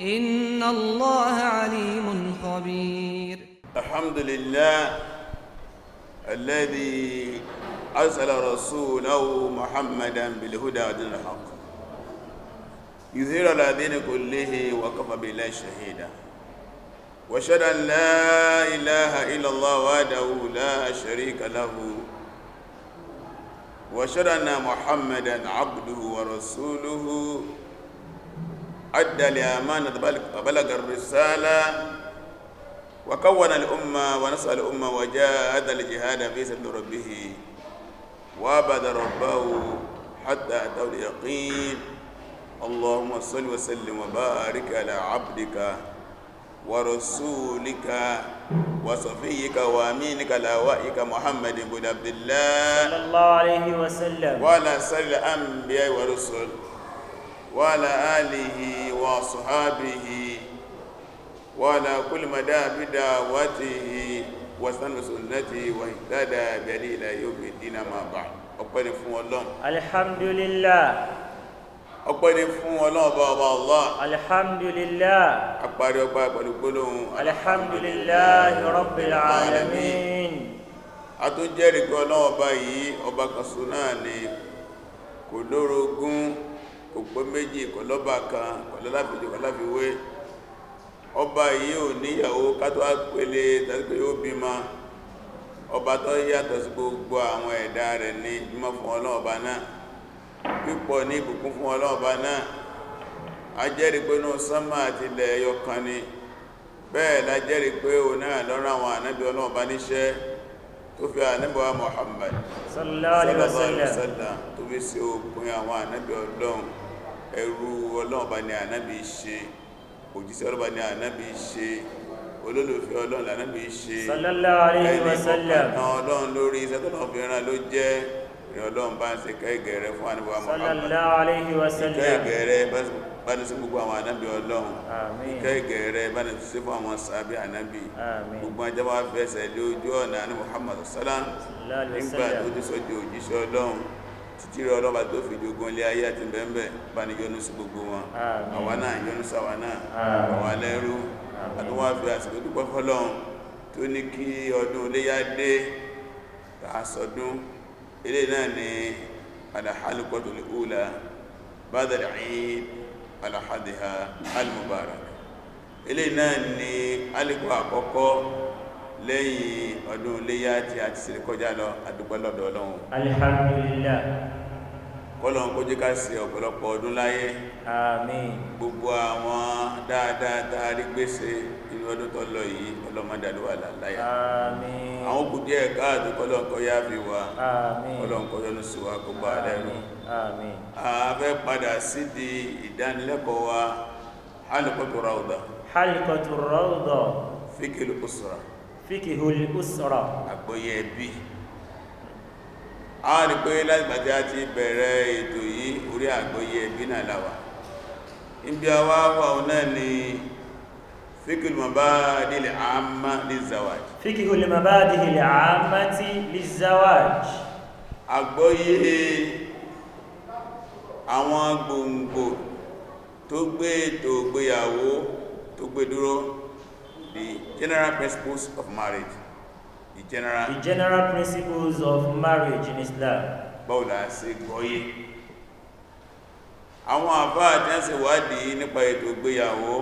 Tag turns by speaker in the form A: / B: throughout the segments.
A: إن الله عليم خبير
B: الحمد لله الذي أرسل رسوله محمدا بالهدى ودين الحق يظهر على دين كله وكفى بالله شهيدا واشهد ان لا اله الا الله وحده لا شريك له واشهد ان محمدا عبده ورسوله أدى لأمانة بلغ الرسالة وكون الأمة ونصر الأمة وجاهد الجهاد في سبيل ربه وعبد ربه حتى أتوا اليقين اللهم صل وسلم وبارك على عبدك ورسولك وصفيك وامينك لوائك محمد بن عبد الله صلى الله
A: عليه وسلم وعلى
B: سائر الانبياء والرسل وعلى آله وصحابه وعلى كل مدى بدعوته وسن سنته واهتدى بهدي إلى يوم الدين ما بعد ọpẹ́ ni fún Ọlọ́run
A: alhamdulillah
B: ọpẹ́ ni fún Ọlọ́run bá ọba Allah alhamdulillah àparí ọgbà pẹ̀lú gbólóhùn alhamdulillah rabbil alamin a tó jẹ́rìí pé Ọlọ́run kò pé méjì kò lọ́ba kan kò lọ́láfíjì ọba yìí ò níyàwó kátó àpẹẹlẹ tàbí yóò bímọ ọba tó yàtọ̀ sí gbogbo àwọn ẹ̀dá rẹ̀ ní mímọ́ fún ọlọ́ọ̀ba náà pípọ̀ ní ìbùkún fún ọlọ́ọ̀ba náà a jẹ́rìí pé ní sánmà àti ilẹ̀ ẹyọ kan ni bẹ́ẹ̀ la jẹ́rìí pé òun náà lọ́rọ̀ àwọn ànábì ọlọ́ọ̀ba níṣẹ́ tó fi ànábì wa Muhammad sallallahu alaihi wasallam tó fi sí òpin àwọn ànábì ọlọ́run ẹrú ọlọ́run bá ní ànábì ṣe òjíṣẹ́ ọlọ́run bá ní ànábì ṣe olólùfẹ́ ọlọ́run lànábì ṣe sallallahu alaihi wasallam ọlọ́run lórí iṣẹ́ tó lọ́n fi rán ló jẹ́ ìrìn ọlọ́run bá ń ṣe kẹ́ ìgẹ̀rẹ́ fún ànábì wa Muhammad sallallahu alaihi wasallam báni sí gbogbo àwọn ànábì ọlọ́run ìkẹ́ ìgẹ̀ rẹ̀ báni sí fún àwọn sàábí ànábì gbogbo ajábá fẹ́sẹ̀ lé ojú ọ̀nà ní muhammadu salam nígbà tó ti sọ́jú òjíṣẹ́ ọlọ́run títí rẹ̀ ọlọ́ba tó fi jogun lé ayé àti bẹ́ẹ̀bẹ́ báni yọ́nú sí gbogbo wọn àwa náà yọ́nú sáwa náà àwa lẹ́rú àtúwà fi àsìkò dúpẹ́ fọ́lọ́run tó ní kí ọdún iléyá dé àsọdún ilé náà ni àdàhálùkọ́tò lè hùlà bá dàrí alahadiha almubarak ilé náà ni alìkọ́ àkọ́kọ́ lẹ́yìn ọdún iléyá tí a ti sílẹ̀ kọjá lọ àdúpẹ́ lọ́dọ̀ ọlọ́run alhamdulillah kọ́lọ̀n kó jẹ́ sí ọ̀pọ̀lọpọ̀ ọdún láyé gbogbo àwọn dáadáa tààrí gbèsè inú ọdún tó lọ yìí ọlọ́mọdàlúwà láláyà àwọn kù díẹ̀ káàdù kọlọ́nkọ́ yá fi wà kọlọ́nkọ́ yọnu sí wa kó bá lẹ́rù ààfẹ́ padà sí di ìdánilẹ́kọ̀ọ́ wa halqatu rawda
A: halqatu rawda
B: fíkìlù usra fíkìlù ẹbí a rí láti bàtí a bẹ̀rẹ̀ ètò yìí orí àgbọ́yé ẹbí náà láwàá níbi àwọ́ àwọ́ ọ̀nà ni fíkìl mọ̀báàdì lè àmà lè zawaj fíkìl mọ̀báàdì lè àmà tí lè zawaj àgbọ́yé àwọn gbòǹgbò tó gbé ètò ìgbéyàwó tó gbé the general principles of marriage the general, the general principles of marriage in Islam báwo la ṣe àwọn àfá àti ẹ́sẹ̀ wádìí nípa ètò ìgbéyàwó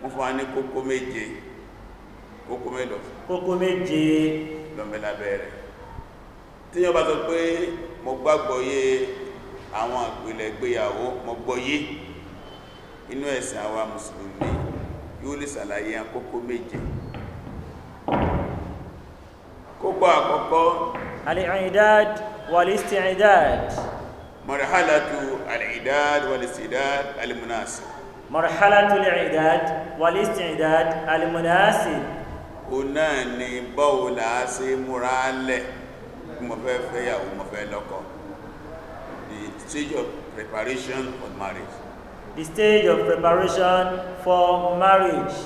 B: wọ́n fún wa ní kókó méje kókó mélòó kókó méje lọ́mẹ́lábẹ́ rẹ̀ tí yọ́ bá sọ pé mo gbàgbọ́yé àwọn àpìlẹ̀ ìgbéyàwó mo gbọ́yé inú ẹ̀sìn àwa mùsùlùmí yóò lè ṣàlàyé kókó méje
A: kókó àkọ́kọ́ al-i'dad wal الاعداد
B: والاستعداد المناسب
A: مرحلة الاعداد والاستعداد
B: المناسب ọ̀nà ni báwo la ṣe múra lẹ̀ the stage of preparation for marriage the
A: stage of preparation for marriage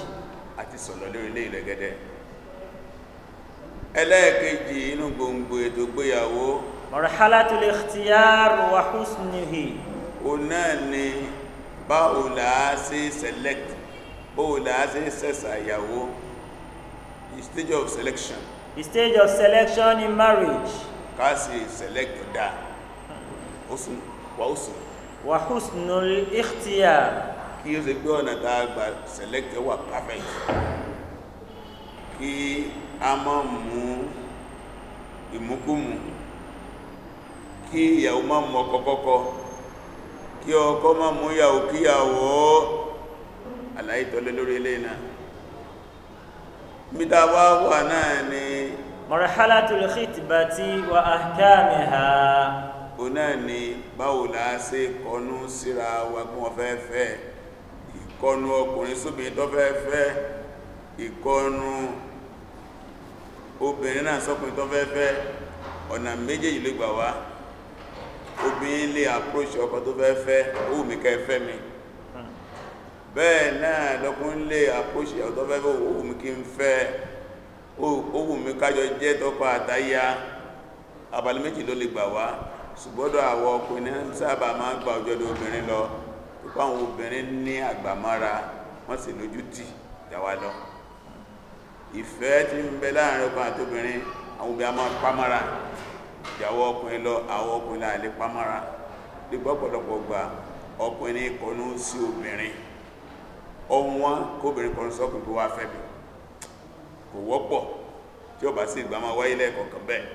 B: àti sọ̀rọ̀ lórí ilé ìrẹ́gẹ́dẹ́ ẹlẹ́ẹ̀kejì inú gbogbo ètò gbéyàwó
A: مرحلة الاختيار وحسنه o náà
B: ni báwo làá ṣe select báwo làá ṣe ṣẹ̀ṣà ìyàwó the stage of selection the stage of selection in marriage ká ṣe select dáa wà ó sùn wà husnul ikhtiyar kí o ṣe gbé ọ̀nà tá a gbà select wà perfect kí a mọ́ mú ìmúkúmù kí ìyàwó mọ́ mọ́ kọ́kọ́kọ́ kí ọkọ má mú yàwó kíyàwó aláìtọ́lẹ̀ lórí ilé náà
A: mítà wá wà náà ni marhalatul khitbati wa ahkamiha o
B: náà ni báwo láá sí kọnú síra wagbọn ọ̀fẹ́fẹ́ ìkọnú ọkùnrin sóbi ọ̀nà méjèèjì ló gbà wá obi nle approach ọkọ tó fẹ́ fẹ́ ó wù mí fẹ́ mi bẹ́ẹ̀ náà lè approach ọkọ tó fẹ́ fẹ́ ó mi kí n fẹ́ ó mi kájọ jẹ́ tọ́pá àtàyà abalẹ̀ méjì ló lè gbà wá lọ àwọn obìnrin ní àgbàmára wọ́n sì lójú tì dáwà lọ ìfẹ́ ń bẹ láàrin ọkùnrin àwọn obìnrin a máa ìyàwó ọkùnrin lọ àwọn ọkùnrin láàlẹ́ pàmára dípọ̀ ọpọlọpọ gba ọkùnrin kọnú sí obìnrin ohun wọn kóbìnrin kọnú sọ́kùnrin tó wá fẹ́bi kò wọ́pọ̀ tí ọba sí ìgbà máa wáyé lẹ́ẹ̀kọ̀ọ̀kan bẹ́ẹ̀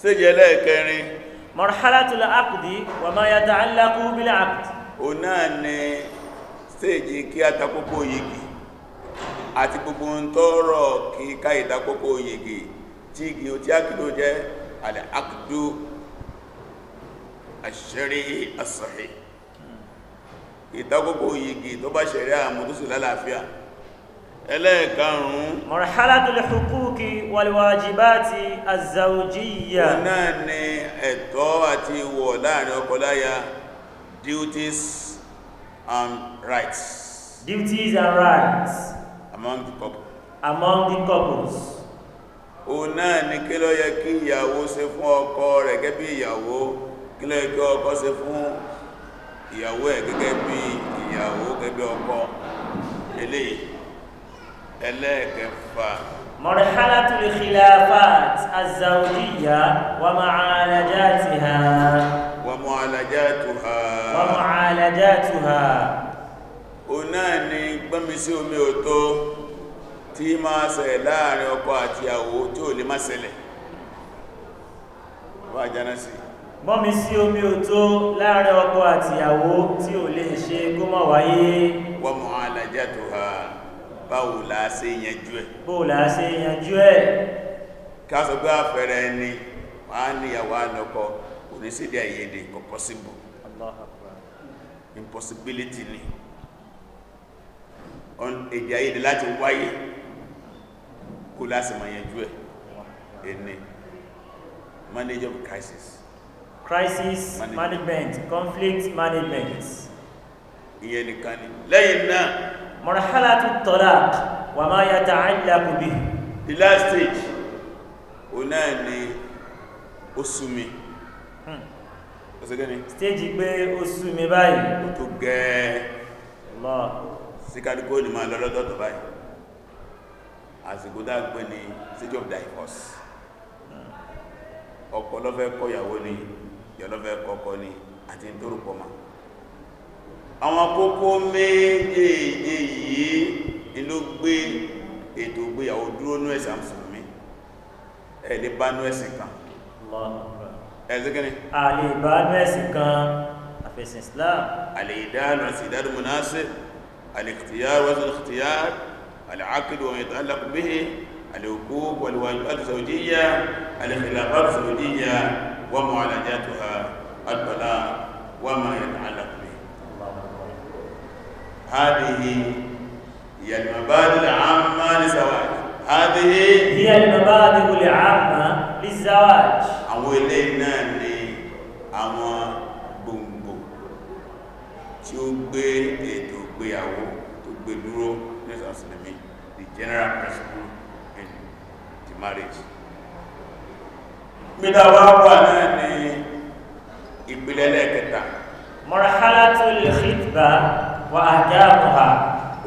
A: séjì ẹlẹ́ẹ̀kẹrin
B: náà ni séjì kí àti gbogbo ń kí tí igi o tí ákìdó jẹ́ alẹ́ ákìdó àṣẹ́rí àṣàrí ìtakókò igi tó bá ṣẹ̀rí àmú lálàáfíà ẹlẹ́ẹ̀karùn-ún marhalatul
A: huquqi wal wajibati az náà
B: ni ẹ̀tọ́ àti ìwọ̀ láàrin ọkọ duties and rights duties and rights among the couple among the couples o náà ni kí ló yẹ kí ìyàwó ṣe fún ọkọ rẹ̀ gẹ́gẹ́ bí ìyàwó kí ló yẹ kí ọkọ ṣe fún ìyàwó ẹ̀ gẹ́gẹ́ bí ìyàwó gẹ́gẹ́ ọkọ eléyìí ẹlẹ́ẹ̀kẹfà مرحلة الخلافات
A: الزوجية ومعالجاتها
B: ومعالجاتها ومعالجاتها
A: ọ̀nà ni
B: gbọ́nmi sí tí máa ṣẹlẹ̀ láàrin ọkọ àti ìyàwó tí ò lè má ṣẹlẹ̀ wà jana sí
A: mọ́mí sí omi ò tó láàrin ọkọ àti ìyàwó tí ò lè ṣe kó wáyé wọ́n mọ̀ alájá
B: tó ha báwo la ṣe yanjú ẹ̀ báwo la ṣe yanjú ẹ̀ ká sọ pé àfẹ́rẹ́ ẹni wà á níyàwó ànọkọ kò ní sí ìdí àyèdè kọ̀kọ́ impossibility ni On èdè àyèdè láti wáyé kó láti mọ̀ yẹn jú ẹ̀ ẹni manage of crisis crisis management,
A: conflict management ìyẹn nìkan ni lẹ́yìn náà marhala tu talaq wa ma yata'allaqu bihi the last stage
B: o náà ni ó súnmi ọ̀sẹ̀gẹ́ni hmm. stage pé ó súnmi báyìí ó tó gẹ́ẹ̀ síkàdùkú ó ní máa lọ báyìí àsìkò tá a gbé ní stage of divorce hmm. ọkọ lọ́fẹ́ kọ ìyàwó ni ìyàlọ́fẹ́ kọkọ ni àti nítorúpọ̀ ma àwọn kókó méjèèjì yìí inú gbé ètò ìgbéyàwó dúró ní ẹ̀sà mùsùlùmí ẹ̀lẹ́ bá ní ẹ̀sìn kan ẹ̀sìn kan àfẹ́sìn Islam àlè ìdánù àti ìdánù mùnásí àlè ìkìtìyà wọ́n العقد وما يتعلق به الوقوف والواجبات الزوجية الخلافات الزوجية ومعالجاتها البلاء وما يتعلق به هذه هي المبادئ العامة للزواج هذه هي المبادئ العامة للزواج àwọn eléyìí náà ni àwọn gbòǹgbò tí ó gbé ètò ìgbéyàwó general principle in the marriage gbígbà wá wà náà ní ìpìlẹ̀ lẹ́ẹ̀kẹta
A: marhalatul khitba wa adabuha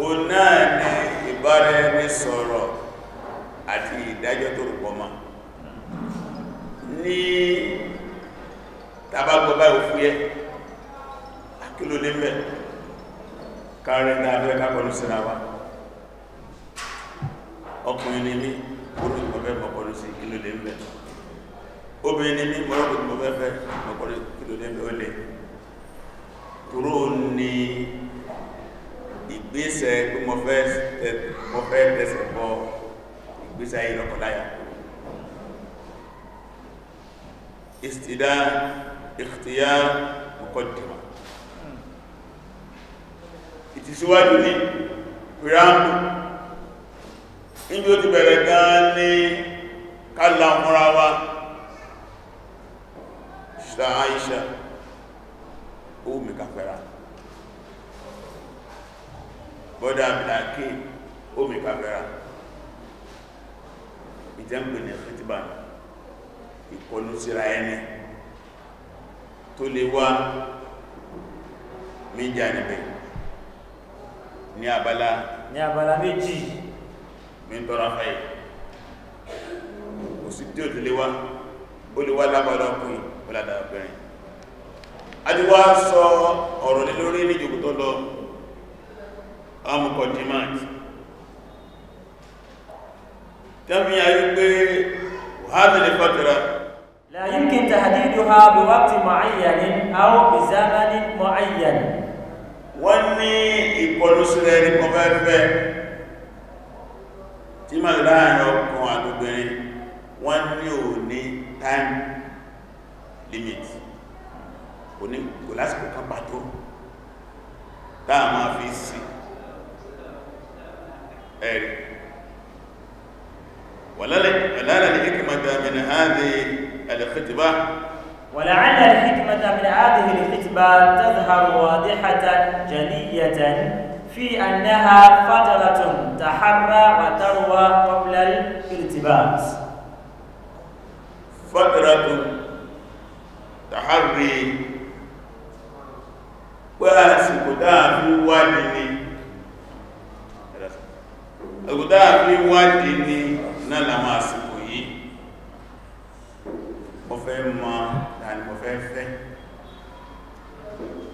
B: o náà ní ìbára ẹni sọ̀rọ̀ àti ìdájọ́ tó rùpọ̀ mọ́ ní tabagbọ́bá òfúyẹ́ akílò lẹ́mẹ̀ kárẹ̀ náà lẹ́ẹ̀kápọ̀lú síra wa ọkùnrin ni mí orí ìgbọ̀ fẹ́ mọ̀kọ́lù sí kí ló lè mẹ́ obìnrin ni mí mọ́rọ̀kù ìgbọ̀ fẹ́ fẹ́ mọ̀kọ́lù kí ló lè mẹ́ ó lè tóró ni ìgbésẹ̀ pé mo fẹ́ tẹsẹ̀ bọ ìgbésẹ̀ ayé lọ́kọ̀láyà ìstìdá ìkìtìyà mọ̀kọ́dìmọ̀ ìtìsíwájú ní preamble níbi ó ti bẹ̀rẹ̀ gan ní kálà múra wá ṣìlá Aisha ó mìkà fẹ́ra bọ́dá mìláàkì ó mìkà fẹ́ra ìjẹ́mgbè ní ẹ̀fẹ́tìbà ìkọlù síra ẹni tó lè wá méjì àníbẹ̀ ní abala méjì ní tọ́ra fẹ́yì kò sí tí ó ti lè wá ó lè wá lábàdà ọkùnrin ó ládàá obìnrin adíwá sọ ọ̀rọ̀ lé lórí ní ìjòkó tó lọ amukọ̀ demand tẹ́mi ayé pé wàhálà fàtàrà لا يمكن تحديدها بوقت معين أو بزمن معين wọ́n ní ìkọlùsílẹ̀ ní kọfẹ́fẹ́ tí máa láàrin ọkùn àdúgbìnrin wọ́n ní ò ní time limit kò ní kò lásìkò kan pàtó táà máa fi sí ẹ̀rì ولعل الحكمة من هذه الخطبة
A: ولعل الحكمة من هذه الخطبة تظهر واضحة جلية في أنها فترة تحرى وتروى قبل الارتباط فترة
B: تحري واسكو دافي وادني ẹ̀kù dáàbí wádìí ní náà lámà àsìkò yìí mo fẹ́ mọ̀ tàbí mo fẹ́ fẹ́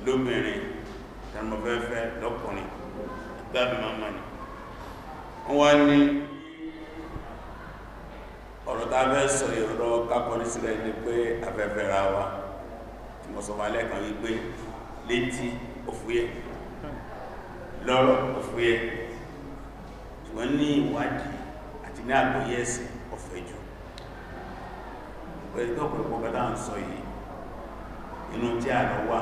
B: lóbìnrin tàbí dábì máa ma ní wọ́n ní ọ̀rọ̀ tá fẹ́ sọ ìrọ̀ kápọ̀lì sílẹ̀ ní pé afẹ́fẹ́ ra wa tí mo sọ wà lẹ́kàn wípé létí òfúyẹ́ lọ́rọ̀ òfúyẹ́ ṣùgbọ́n ní ìwádìí àti ní àgbóyé ẹ̀sìn ọ̀fẹ́ jù pẹ̀lú ọ̀pọ̀lọpọ̀ kátà ń sọ yìí inú tí a lọ wà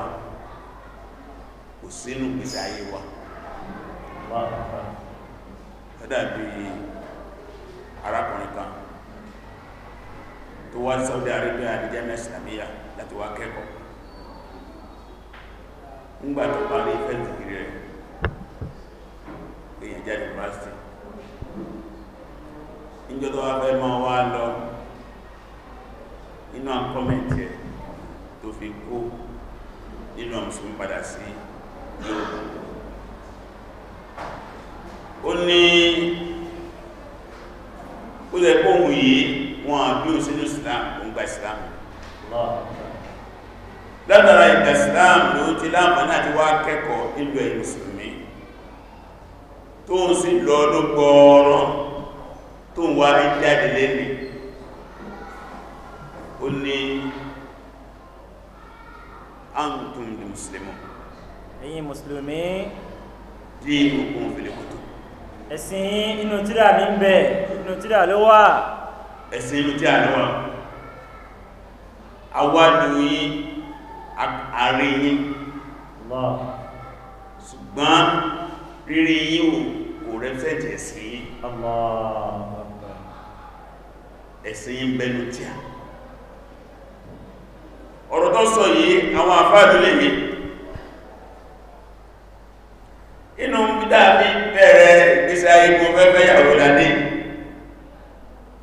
B: kò sínú gbèsè ayé wa ẹ dàbí arákùnrin kan tó wá Saudi Arabia ní jẹ́mẹ́ islamiyya láti wá kẹ́kọ̀ọ́ ńgbà tó parí fẹ́ dìgírí rẹ̀ èyàn jẹ́ university níjọ́ tó wá fẹ́ mọ́ wá lọ nínú àkọ́mẹ̀ntì ẹ̀ tó fi kó nínú àmùsùn padà sí yóò ó ní ó lẹ kóhùn yìí wọn àbí ò sínú islam ó ń gba islam látara ìgbà islam ló ti láàmàá àti wá kẹ́kọ̀ọ́ ìlú ẹ̀yìn mùsùlùmí tó ń sì lọ ló gbọ́ọ̀rọ̀ tó ń wá jáde lẹ́nu ó ní antum di muslimu
A: ẹ̀yin mùsùlùmí
B: di ìgbòkun fìlẹ̀kùn
A: ẹ̀sìn inú tíra ní ń bẹ inú tíra ló wà
B: ẹ̀sìn inú tíra ló wà awádùn yí
A: àárín yí
B: ṣùgbọ́n rírí yí kò rẹ́fẹ́jẹ̀ sí ẹ̀sìn yí bẹnu tíra ọ̀rọ̀ tó sọ yìí àwọn àfáàdù yìí láyé kó fẹ́fẹ́ yàwó ládé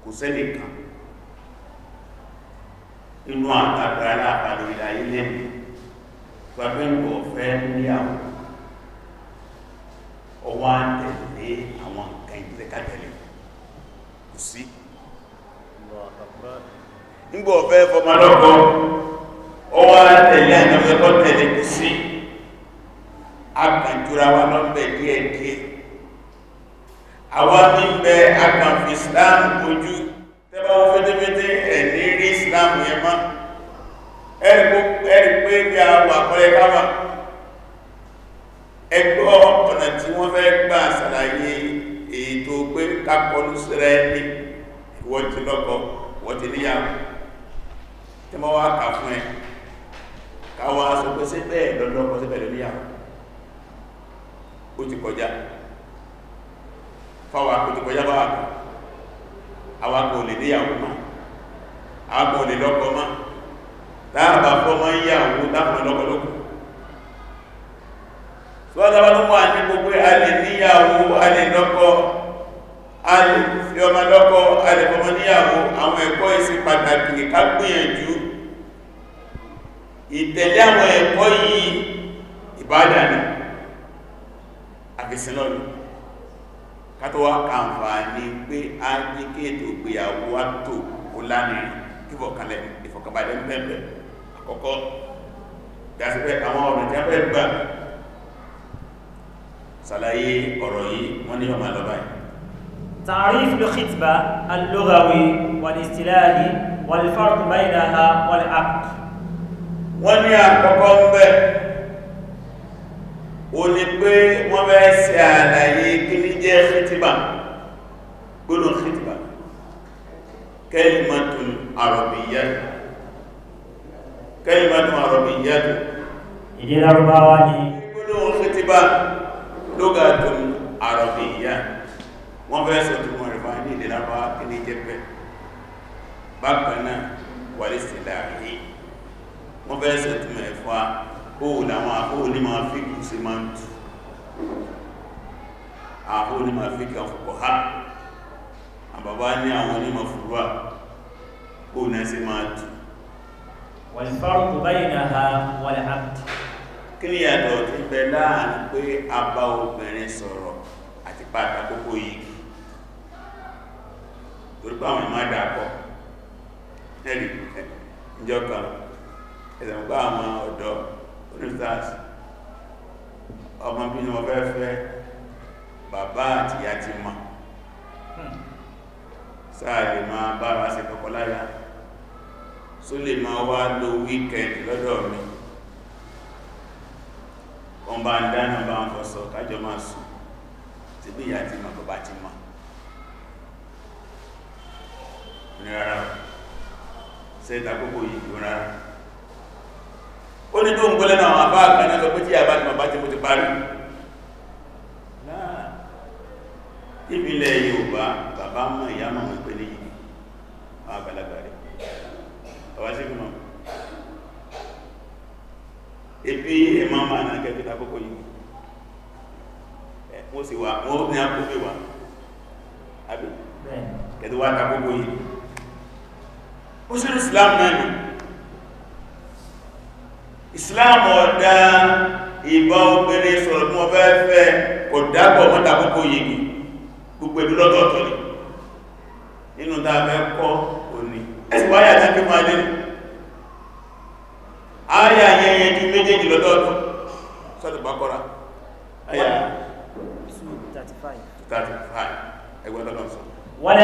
B: kò sẹ́lì kan inú àtàgbà aláàpàlẹ̀ ìlàyé lẹ́nu gbàgbẹ́gbọ̀ fẹ́ níyàwó ọwọ́ àtẹ̀lé àwọn nǹkan ìtẹ́kàtẹ̀lẹ̀ kò sí nígbà ọ̀fẹ́ fọmọlọ́kọ́ ọwọ́ àtẹ̀lé àjọ́fẹ́kọ́ tẹ̀lé kò sí àkàntúra wa lọ́mbẹ̀ díẹ̀díẹ̀ àwọn tí ń bẹ agbàmfì islam ojú tẹ́bà wọ́n fẹ́tẹ́fẹ́tẹ́ ẹ̀ ní rí islam yẹn mọ́ ẹ̀rì pé bí a wà kọ́lẹ̀ káwà ẹgbọ́ ọ̀nà tí wọ́n fẹ́ gbà sàlàyé ètò pé kápọ̀lú sẹ́rẹ́ ní ìwọ́n ti lọ́kọ wọ́n ti níyàwó tẹ́mọ́ wá kà fún ẹ káwà sọ pé bẹ́ẹ̀ lọ́dọ́ ọkọ̀ sí bẹ́ẹ̀ lọ́dọ́ ó ti kọjá fáwọn akótókọ yábá àgbà àwọn akọ lè níyàwó mọ́ àgbà lè lọ́kọ mọ́ dáàbà fọ́mọ́ yíyàwó dáàbà lọ́kọlọ́kọ sọ́dọ̀bá ló wà ní gbogbo a lè níyàwó a lè lọ́kọ a lè fi ọmọ lọ́kọ a lè fọ́mọ níyàwó àwọn ẹ̀kọ́ ìsìn pàtàkì ká gbìyànjú ìtẹ̀lé àwọn ẹ̀kọ́ yìí ìbádà ni àfisìnlọ́nù kátó wá kàǹfààní pé a ní kí ètò ìgbéyàwó wá tò ó lánìí kí fọkànlẹ̀ ìfọkànbalẹ̀ ń bẹ̀rẹ̀ àkọ́kọ́ dásípẹ́ àwọn ọ̀nà tí fẹ́ gbà ṣàlàyé ọ̀rọ̀ yìí wọ́n ní ọmọ àlọ́bàá yìí.
A: تعريف لخطبة اللغوي والاصطلاحي والفرق بينها
B: والعقد wọ́n ní àkọ́kọ́ ń bẹ̀ ó ní pé wọ́n khitba gbọ́nà khitba kalimatun arabiyyah kalimatun arabiyyah ìdí lárúbáwá ni gbọ́nà khitba lughatun arabiyyah wọ́n fẹ́ sọ tí wọ́n rẹ̀fà ní ìdí lárúbáwá kí ní jẹ́pẹ̀ bákanáà wàlẹ́sìláàrí wọ́n fẹ́ sọ tí wọ́n rẹ̀fà ó làwọn àkóò ní máa fi kù sí tù àwọn onímọ̀ fíkà ọ̀pọ̀ ha àbàbá ní àwọn onímọ̀ fúrúwà ó nà sí máa tù wàlfàrùkù báyìí ha wàlẹ̀ àbdì kí ni yàtọ̀ ti bẹ láàrin pé a bá obìnrin sọ̀rọ̀ àti pàtà kókó yìí torí pé àwọn ìmọ̀ àdàpọ̀ ẹ̀rì ìjọ kan ẹ̀sẹ̀ pé ọmọ bí ni wọ́n fẹ́ fẹ́ bàbá àti ìyá ti mọ̀ sáà lè máa bára sí kọkọ láyá só lè máa wá ló wíkẹ̀ndì lọ́dọ̀ mi wọ́n bá ń dáná bá ń fọ́sọ kájọ máa sùn tí bí ìyá ti mọ̀ bàbá ti mọ̀ ní rárá sẹ́ta kókò yìí rárá ó ní tó ń gbọ́lẹ́nà àwọn àbá àgbà náà lọ pé tí àbá ti mọ̀ bá ti mọ̀ ti parí níbílẹ̀ Yorùbá bàbá mọ̀ ìyá mọ̀ wípé ní yìí àwọn àgbàlagbà rẹ̀ bàbá sí fún mọ̀ ebi ẹ̀mọ́ máa náà kẹ́ fíta kókó yìí wọ́n sì wà wọ́n ní àkókò wà àbí kẹ́tù wá takókó yìí ó sì rí Islam náà ni Islam ọ̀dá ìbọn obìnrin sọ̀rọ̀ tí wọ́n fẹ́ fẹ́ kò dágbọ̀ mọ́ta kókó yìí gbogbo ìlú lọ́tọ̀ọ̀tọ̀ ni nínú tá a fẹ́ kọ́ òní ẹ̀sìn wáyà tí kí máa dé ayà yẹnyẹn ju méjèèjì lọ́tọ̀ọ̀tọ̀ sọ́tù bákọ́ra ayà 235 ẹgbẹ́ lọ́lọ́sọ wọ́n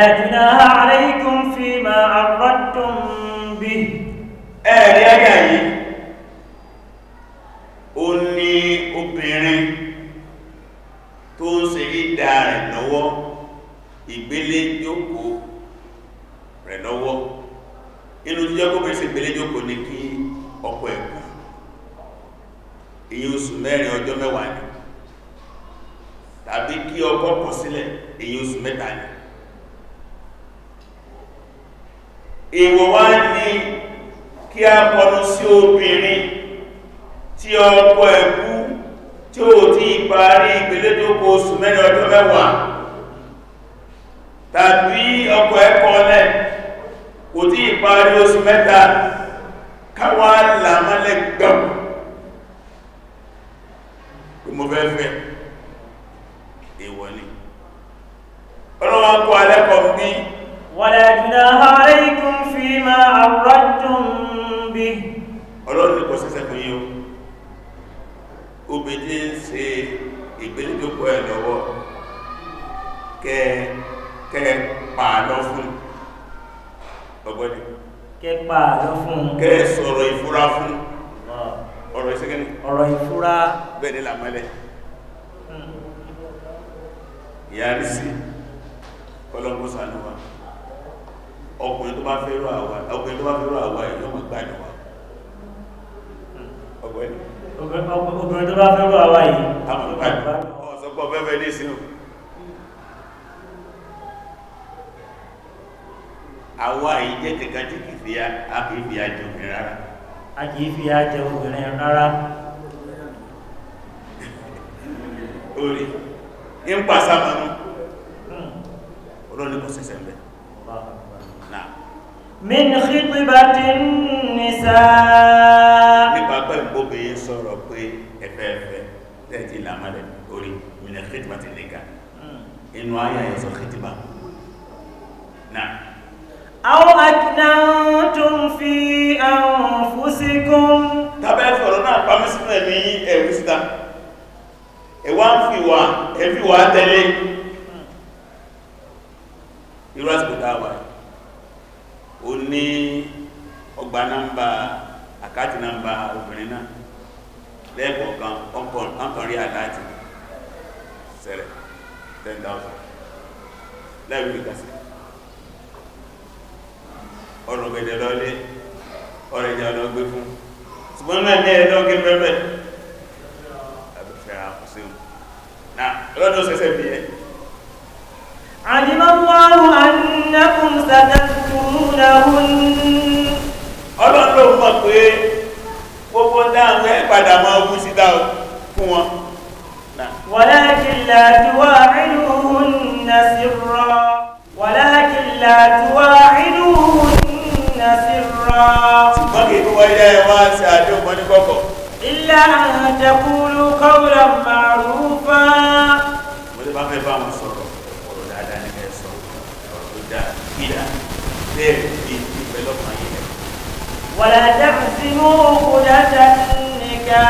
B: ìgbélódókò ẹ̀ lọ́wọ́ kẹ kẹ pààlọ́ fún ọgbọ́dẹ
A: kẹ pààlọ́ fún kẹ sọ̀rọ̀ ìfúra
B: fún ọ̀rọ̀ ìsẹ́gẹ́ni ọ̀rọ̀ ìfúra bẹ́ẹ̀dẹ̀ làmọ́lẹ̀ hmm. ìyàrí sí kọlọ́gbọ́ sànúwà ọkùnrin tó bá fẹ́rọ àwà ọkùnrin tó bá fẹ́rọ àwà ìyọ́mọ̀ gbádùn wa hmm. ọgbọ́dẹ obìnrin tó bá fẹ́ rọ àwa yìí ọ̀sọ́pọ̀ fẹ́fẹ́ ní ìsinmi àwa yìí jẹ́ kẹ̀kẹ́ tí kì fi àkìfìyà jẹ obìnrin rárá
A: àkìfìyà jẹ obìnrin rárá
B: orí ń pàṣà mọ́nú olóòlù kò sẹ́sẹ̀ ń bẹ̀
A: min khitbati nisa
B: sọ̀rọ̀ pé ẹfẹ́ẹ̀fẹ́ tẹ́ẹ̀tì ìlàmọ́lẹ̀ orí ilẹ̀ kìtìmà ti lè ga inú ayà ẹ̀sọ kìtìmà
A: náà àwọn akìdántún fi àwọn fúsíkún tàbẹ́ fọ̀rọ̀ náà pàmísílẹ̀
B: ní ẹ̀wú síta ẹ̀wá ń fi wà ẹ̀fíwà tẹ́lẹ̀ dáadáa ní ẹ sọ ọ̀rọ̀ tó dáa bídà bẹ́ẹ̀ ni ìpẹ́ lọ́kàn yìí rẹ̀.
A: wàlá dẹ́kun mú òkúta nìkà.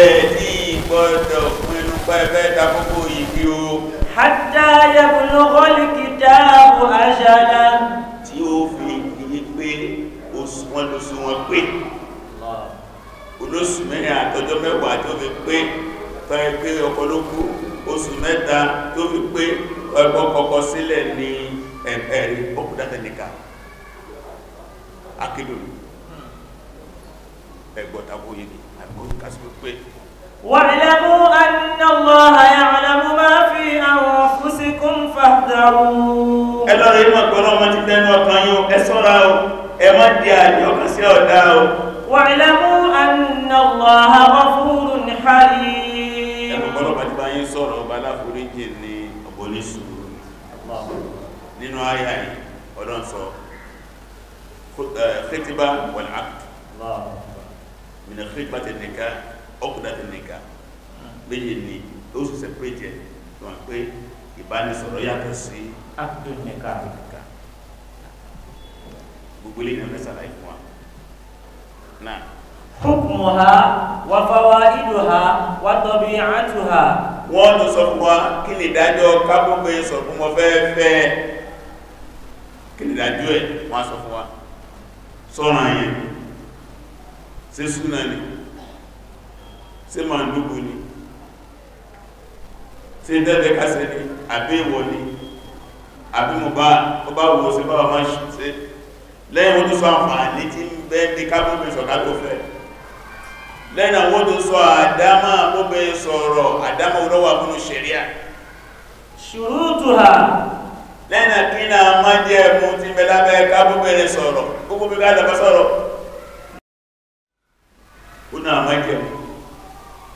B: ẹ ní gbọ́dọ̀ fún inú pa ẹ fẹ́ da kókó yìí o. fi ìdílé pé wọn lóṣù wọn pé olóṣù mẹ́rin àtọ́jọ́ mẹ́wàá tó fi pé tọ́yẹ pé ọ̀pọ̀lọpọ̀ oṣù mẹ́ta tó fi pé ọgbọ́n kọkọ sílẹ̀ ní ẹ̀ẹ̀rí ọkùdátẹ̀nìkà akílòlù ẹgbọ́tàkó yìí ni àgbọ́n kásìkò pé
A: واعلموا أن الله يعلم ما في أنفسكم فاحذروا ẹ lọ́rọ̀ yìí mọ̀ pé ọlọ́run
B: ti dẹnu ọkàn yín ẹ sọ́ra o ẹ má di àjọ kan sí o.
A: واعلموا أن الله غفور
B: sọ̀rọ̀ ọba aláforíjì ní nínú sọ méjì ó sì
A: tó wà
B: wọ́n tó sọ fún wa kí lè dájọ́ kábúgbé sọ fún wọn fẹ́ẹ́fẹ́ kí lè dájọ́ ẹ̀ wọ́n sọ fún wa sọ́ràn yẹn ṣe súnà ni ṣe máa dúgbò ni ṣe dẹ́dẹ́ kásẹ̀ ni àbí ìwọ ni àbí mo bá ọba wo ṣe bá wa máa ṣe lẹ́yìn wọ́n tó sọ àǹfààní tí ń bẹ ní kábúgbé sọ kábúgbé lẹ́nà wọ́n tó sọ àdámà bóbẹ̀ sọ̀rọ̀ àdámà olówà múnú ṣẹ̀ríà
A: ṣùrútù
B: ha lẹ́nà kí na má jẹ́ mú ti bẹ̀lábẹ̀ ká bóbẹ̀rẹ̀ sọ̀rọ̀ gbogbo bí káàdàbà sọ̀rọ̀ ó náà má jẹ́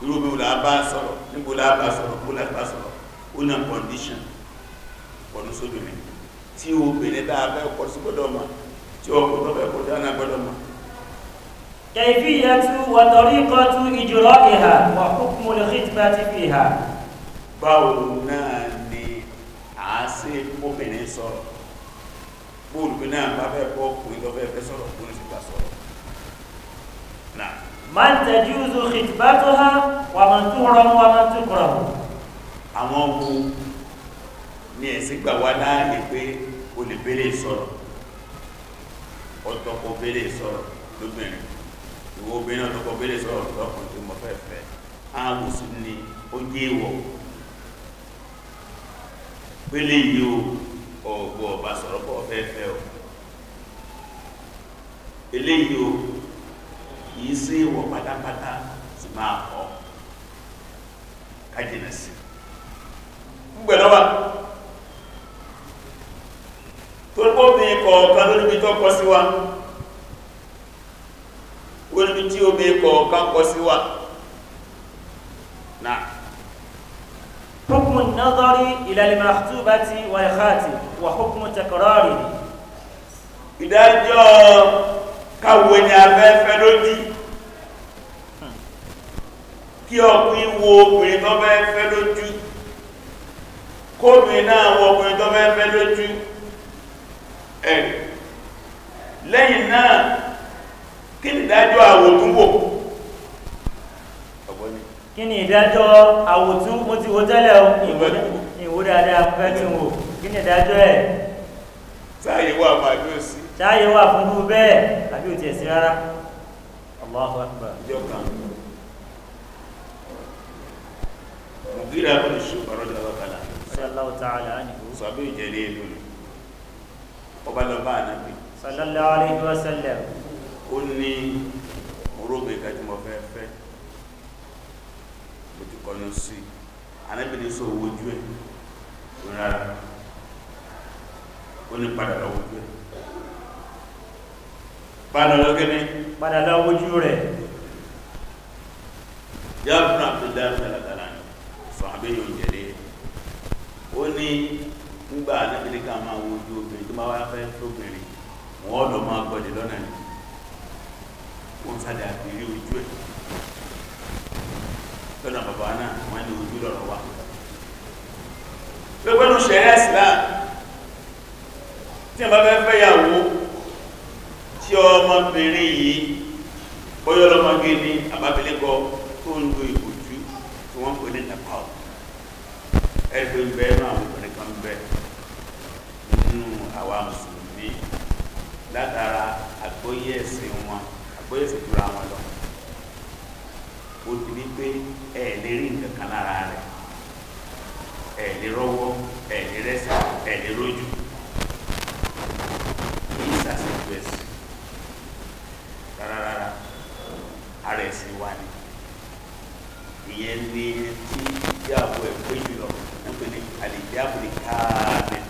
B: irú bí wùlábà sọ̀rọ̀ níbo lábà sọ̀rọ̀ bó lábà sọ̀rọ̀ ó náà condition pọ̀nú sóbìnrin tí obìnrin tá a fẹ́ kọ́ sí gbọ́dọ̀ mọ̀ tí ọkùnrin tó fẹ́ kọjá náà gbọ́dọ̀ mọ̀
A: كيفية وطريقة إجرائها وحكم الخطبة فيها
B: báwo náà ni a ṣe mọ́bìnrin sọ̀rọ̀ bóòlùgbé náà bá fẹ́ bọ́ ọkùnrin lọ́fẹ́ fẹ́ sọ̀rọ̀ bóòlù sì bá sọ̀rọ̀
A: náà. man tajuzu khitbatuha wa man tuhram
B: wa man tukrah. àwọn wo ni ẹ̀sìn gbà wá láàyè pé o lè bẹ̀rẹ̀ sọ̀rọ̀ ọ̀tọ̀ kò bẹ̀rẹ̀ sọ̀rọ̀ lóbìnrin ìwọ obìnrin náà tọkọ bẹ́lẹ̀ sọ̀rọ̀ lọ́kùnrin tó mọ̀ fẹ́ẹ̀fẹ́ áàwòsù ni ó jẹ́ ìwọ̀ pélé yìí o ọ̀gbọ̀ ọ̀bà sọ̀rọ̀ pọ̀ fẹ́ẹ̀fẹ́ o eléyìí o yìí sí ìwọ̀ pátápátá sì máa kọ́ kájínà sí ń gbẹ̀lọ́wà tó ń bọ́ bí kọ̀ọ̀kan lórí bí tọ́kọ sí wa ó níbi tí omi kọ̀ọ̀kan kọ sí
A: wà náà حكم النظر إلى المخطوبة والخاتم وحكم تكراره ìdájọ́ káwo ni afẹ́fẹ́ lódì
B: kí ọkùnrin wo obìnrin tó fẹ́ fẹ́ lójú kóbìnrin náà wo ọkùnrin tó fẹ́ fẹ́ lójú ẹ̀
A: lẹ́yìn náà kí ni ìdájọ́ àwòtúnwò kí ni ìdájọ́ àwòtún mo ti wo tẹ́lẹ̀ ìwò dáadáa fẹ́ tí wò kí ni ìdájọ́ ẹ̀ sáàyè wà máa dúró sí sáàyè wà fún rú bẹ́ẹ̀ àbí ò tiẹ̀ sí rárá Allahu Akbar ìjọ kan
B: mùgírí abúlé ọba lọ́ba ànábì
A: sallallahu alayhi wa sallam
B: ó ní orógbè kájú mọ́ fẹ́ fẹ́ ojú kọnu sí anábì ní sọ owó ojú ẹ̀ ó rárá ó ní padà lọ ojú ẹ̀ padà lọ kíni padà lọ ojú rẹ̀ yàbùn abdullahi abdullahi sọ̀hábẹ́ yóò jẹ̀lé ó ní nígbà anábì ní ká máa wo ojú obìnrin tó máa wá fẹ́ fóbìnrin wọ́n lọ máa gbọ́dẹ̀ lọ́nà yìí wọ́n sáré àbírí ojú ẹ̀ lọ́nà bàbá náà wọ́n ní ojú lọ́rọ̀ wà lọ́gbẹ́nu ṣẹ̀rẹ́ islam tí a bá fẹ́ fẹ́yàwó tí ọmọbìnrin yìí bọ́yọ́ lọ́mọgé ní àbábílẹ́kọ tó ń lo ìbòjú tí wọ́n pè ní nepal ẹgbẹ́ ń bẹ́ẹ̀ náà àwọn obìnrin kan bẹ́ẹ̀ nínú àwa mùsùlùmí látara àgbóyè ẹ̀sìn wọn bóyá sì dúra wọn lọ o ti ní pé ẹ lè rí nǹkan kan lára rẹ ẹ lè rọ́wọ́ ẹ lè rẹ́sẹ̀ ẹ lè rójú ní ìsàsìkò ẹsìn rárára ara ẹsìn wa ni ìyẹn ni tí ìyàwó ẹ pé jùlọ ó pe ní àlèjáàbò káàbẹ.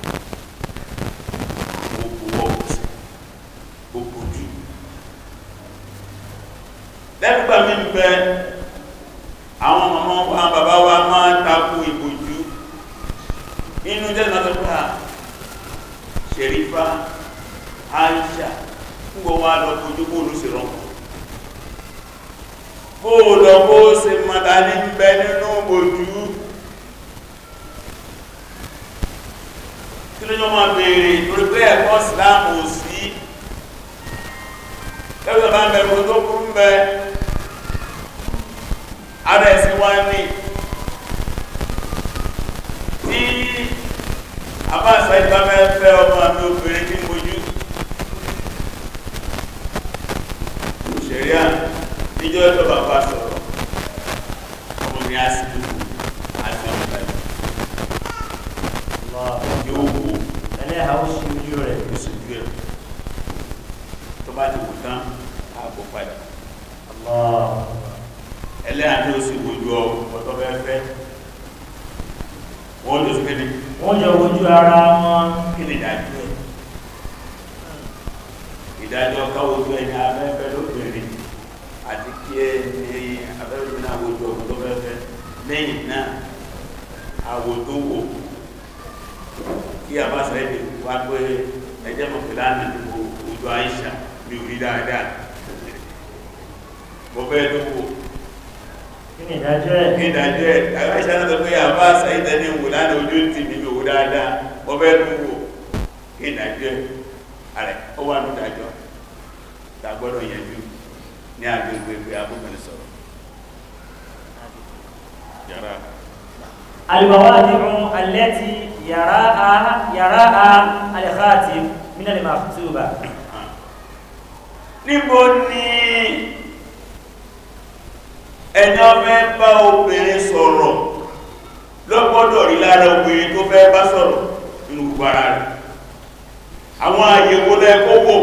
B: ẹlẹ́yà tó sì wojú ọ ọ̀tọ̀ fẹ́fẹ́ wọ́n lọ sípẹ́ ní wọ́n yọ wojú ara wọn kí ni ìdájọ́ ẹ̀ ìdájọ́ ká wojú ẹni afẹ́fẹ́ lóbìnrin àti kí ẹni afẹ́fẹ́ náà wojú ọ̀tọ̀ fẹ́fẹ́ lẹ́yìn náà àwòdówò kí a bá sọ èdè wá pé ẹjẹ́ mọ̀kìlá ní ojú àìsà mi ò rí dáadáa mo fẹ́ dúró ìdájọ́ ẹ̀ aláìṣà náà tó pé àbá sàídà ní wò lánà ojú ti ní ìwò dáadáa ọbẹ̀ ló ìdájọ́ ẹ̀ ó wà ní ìdájọ́ tàgbọ́dọ̀ yẹjú ní agbègbè pé abúgbẹ̀rẹ̀ sọ̀rọ̀
A: yàrá الموانع التي يراها يراها الخاتم من المخطوبة níbo ni
B: ẹni ọfẹ́ bá obìnrin sọ̀rọ̀ lọ́gbọ́dọ̀ rí lára obìnrin tó fẹ́ bá sọ̀rọ̀ nínú gbogbo ara rẹ̀ àwọn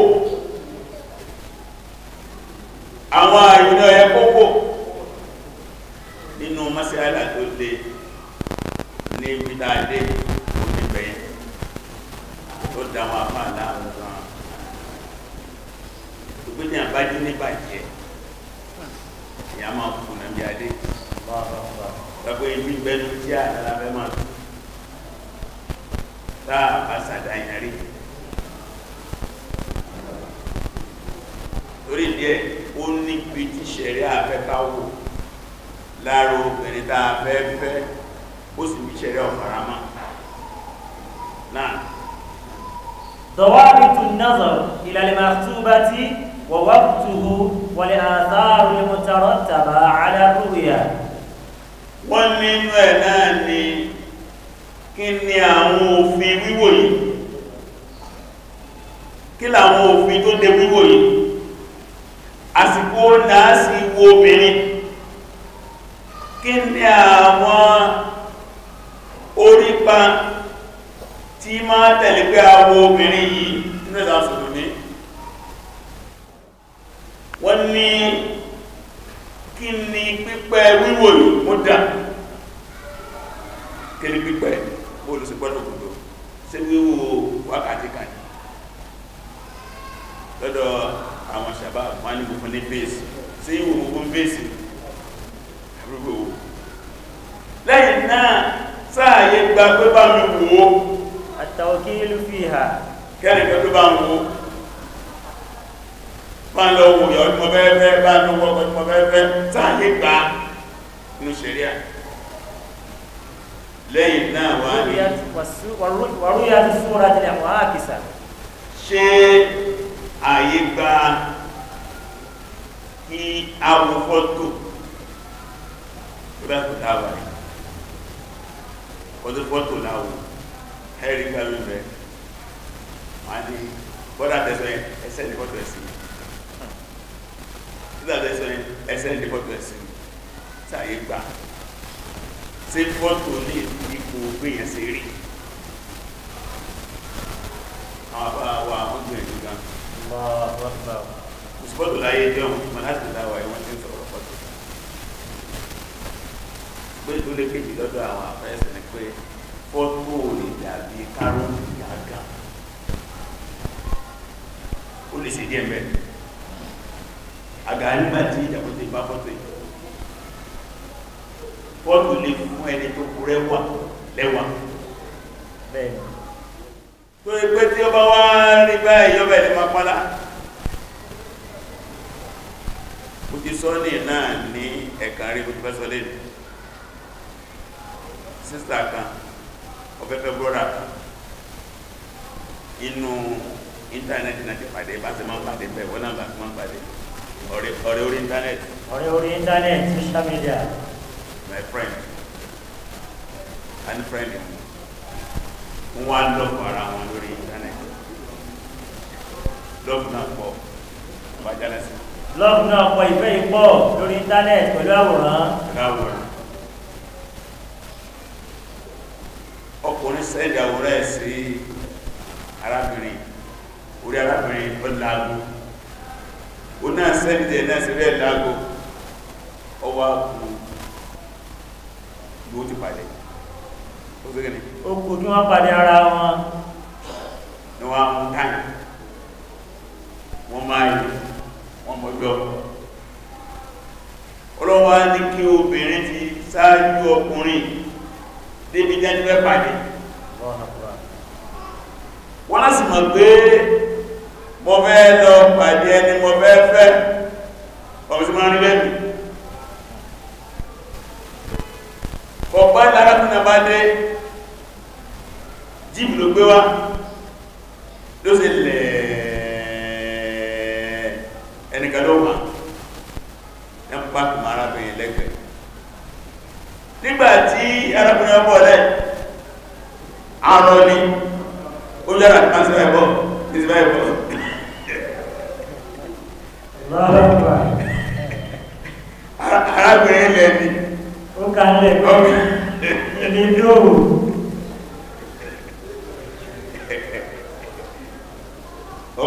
B: kan tí máa tẹ̀lé pé awo obìnrin yìí nínú ìdá sọ̀rọ̀ ní wọ́n ní kí ni pípẹ́ wíwò yìí mú dà kí ni pípẹ́ olùsìgbọ́dọ̀ gbogbo ṣé wíwò wákàtí kan ní lọ́dọ̀ àwọn ṣàbá wọ́n ní gbogbo ní bèèsì sí ìwò gbogbo bèèsì lẹ́yìn náà sáàyè gba pé bá mi wò ó àtàwọn kí ìlú fi hà kẹ́rin pé bá ń wò ó bá ń lọ wò yọ ọdún mọ́fẹ́fẹ́ bá ń lọ wọ́kọ̀ ọdún mọ́fẹ́fẹ́ sáàyè gba inú ṣẹ̀ríà lẹ́yìn náà wà ní wàrúyà ti súnra tilẹ̀ wọ́n
A: á ṣe
B: àyè gba kí awọ fọ́tò tó bá kò dáwà yìí ọdún fọ́tò náà wò ẹ̀rí gbàlú rẹ̀ wọ́n á ní bọ́dà tẹ̀sán yẹn ẹsẹ̀ ní fọ́tò ẹ̀sìn bọ́dà tẹ̀sán yẹn ẹsẹ̀ ní fọ́tò ẹ̀sìn sáyé gbà ṣé fọ́tò ní ipò gbìyàn sí rí àwọn bá wa àwọn gbìyànjú gan. òṣùpọ̀tò láyé jẹun mọ̀láṣí láwa ẹ̀ wọ́n ti ń sọ̀rọ̀ fọ́tò. gbé ìdúró kéjì lọ́dọ̀ àwọn àfẹ́sẹ̀ pé fọ́tò lè dàbí kárọ̀tì gángan ó lè ṣe díẹ̀ mẹ́rin àgbà nígbà tí ìjàpọ̀ ti bá fọ́tò yìí fọ́tò lè fún ẹni tó kú rẹwà lẹ́wà bẹ́ẹ̀ tó ẹgbẹ́ tí ó bá wá rí báyìí yọ́bẹ̀ lè máa pálá mo ti sọ ní náà ní ẹ̀ka rí mo ti fẹ́ sọ lẹ́nu sísà kan ọ̀fẹ́fẹ́ bọ́ra kan inú íńtánẹ́ẹ̀tì náà ti pàdé bá ti máa ń pàdé bẹ́ẹ̀ wọ́n náà bá ti máa ń pàdé ọ̀rẹ́ orí íńtánẹ́ẹ̀tì. ọ̀rẹ́ orí íńtánẹ́ẹ̀tì social media. my friend and friend mi wọ́n wá lọ́pọ̀ ara wọn lórí íńtánẹ́ẹ̀tì lọ́pù náà pọ̀ bá jálẹ̀ sí. lọ́pù náà pọ̀ ìfẹ́ ìpọ̀ lórí íńtánẹ́ẹ̀tì pẹ̀lú àwòrán. arákùnrin ó lágó ó náà sẹ́lìtẹ̀ náà sí rẹ̀ lágó ó wá kú ló ti pàdé ó sì gẹ̀ẹ́ ó kú kí wọ́n pàdé ara wọn ni wọ́n mú táyì wọ́n máa yìí wọ́n mọ́jọ́ ọlọ́wọ́ ní kí obìnrin ti ṣáájú ọkùnrin débi jẹ́ pàdé wọ́n lásìmọ̀ pé mo fẹ́ lọ pàdé ẹni mo fẹ́ fẹ́ ọ̀rọ̀ sí máa rí lẹ́mì ọ̀pá lárákùnà bá dé jíìpù ló gbé wá ló sì lẹ̀ ẹnìkan ló wà ẹ ń pàkì mọ́ arábìnrin lẹ́gbẹ̀ẹ́ nígbàtí arábìnrin ọbọ̀ lẹ́ àrọ̀ ni ó yára kan sí ẹ̀bọ̀ ìsìnbá ẹ̀bọ̀
A: arábìnrin ilẹ̀ ni ó ká lẹ̀ ní dóòwò ó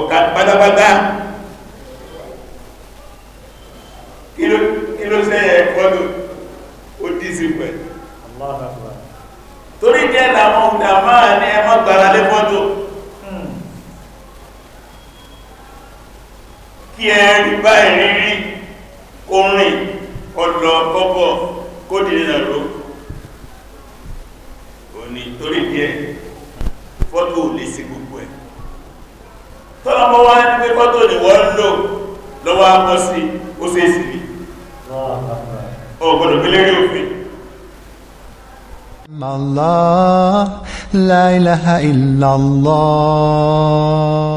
A: إله إلا الله